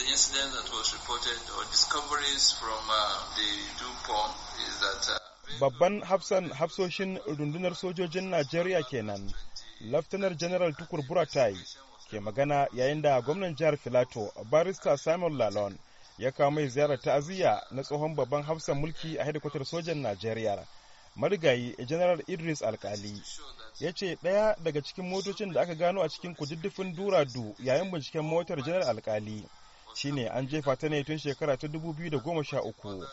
the incidents that was reported or discoveries from uh, the DuPont is that uh, Babban hafsan hafsoshin rundunar sojojin Najeriya kenan, Laftanar General Tukur Buratai ke magana yayin da gwamnan jihar Filato, Barista Samuel Lalon, ya kawo mai ziyarar ta'aziyya na tsohon babban hafsan mulki a hedikwatar sojan Najeriya. marigayi general idris alkali ya ce ɗaya daga cikin motocin da aka gano a cikin kududdufin duradu yayin binciken motar general alkali shine an jefa ta ne tun shekara ta 2013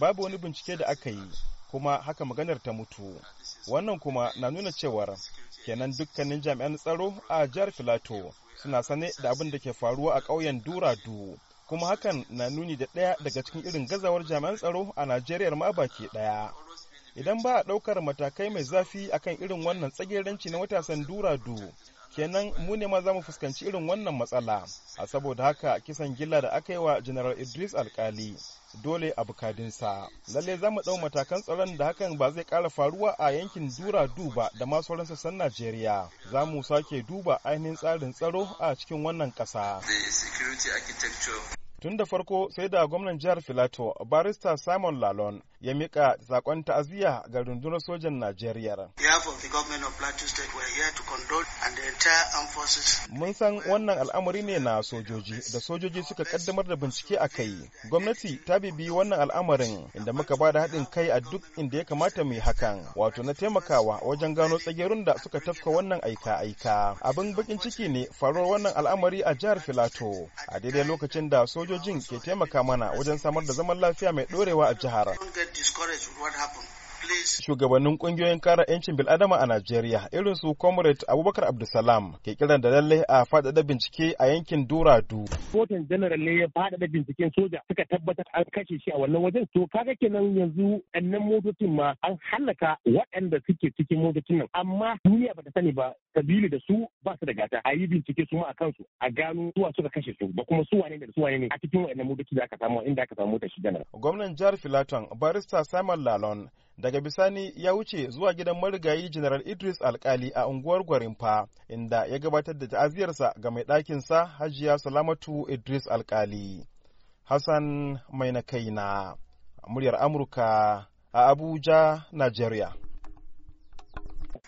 babu wani bincike da aka yi kuma haka maganar ta mutu wannan kuma na nuna cewar kenan dukkanin jami'an tsaro a jihar filato suna sane da abin da ke faruwa a ƙauyen duradu kuma hakan na nuni da ɗaya daga cikin irin gazawar jami'an tsaro a najeriya ma baki ɗaya idan ba a ɗaukar matakai mai zafi akan irin wannan tsageranci na matasan duradu kenan mu ne ma za mu fuskanci irin wannan matsala a saboda haka kisan gilla da aka yi wa general idris alkali dole a bukadinsa lalle za mu ɗau matakan tsaron da hakan ba zai ƙara faruwa a yankin dura duba da masu sauran sassan najeriya za mu sake duba ainihin tsarin tsaro a cikin wannan ƙasa tun da farko sai da gwamnan jihar filato barista simon lalon ya mika sakon ta'aziyya ga rundunar sojan najeriya mun san wannan al'amari ne na sojoji da sojoji suka kaddamar da bincike a kai gwamnati ta bibi wannan al'amarin inda muka ba da haɗin kai a duk inda ya kamata mu yi hakan wato na taimakawa wajen gano tsagerun da suka tafka wannan aika-aika abin bakin ciki ne faruwar wannan al'amari a jihar filato a daidai lokacin da sojoji sojojin ke taimaka mana wajen samar da zaman lafiya mai ɗorewa a jihar. Shugabannin kungiyoyin kara 'yancin bil'adama a Najeriya irin su Comrade Abubakar Abdulsalam ke kiran da lalle a faɗaɗa bincike a yankin Duradu. Kotun General ne ya faɗaɗa binciken soja suka tabbatar an kashe shi a wannan wajen to kaga kenan yanzu ɗannan motocin ma an hallaka waɗanda suke cikin motocin nan amma duniya bata sani ba sabili da su ba su da gata a yi bincike su ma a kansu a gano suwa suka kashe su ba kuma su wane da su ne a cikin waɗannan motocin da aka samu inda aka samu mota shi General. Gwamnan jihar Filaton barista Simon Lalon daga bisani ya wuce zuwa gidan marigayi general idris alkali a unguwar gwarinfa inda ya gabatar da ta'aziyarsa ga mai ɗakinsa hajiya salamatu idris alkali hassan mai na kaina muryar amurka a abuja nigeria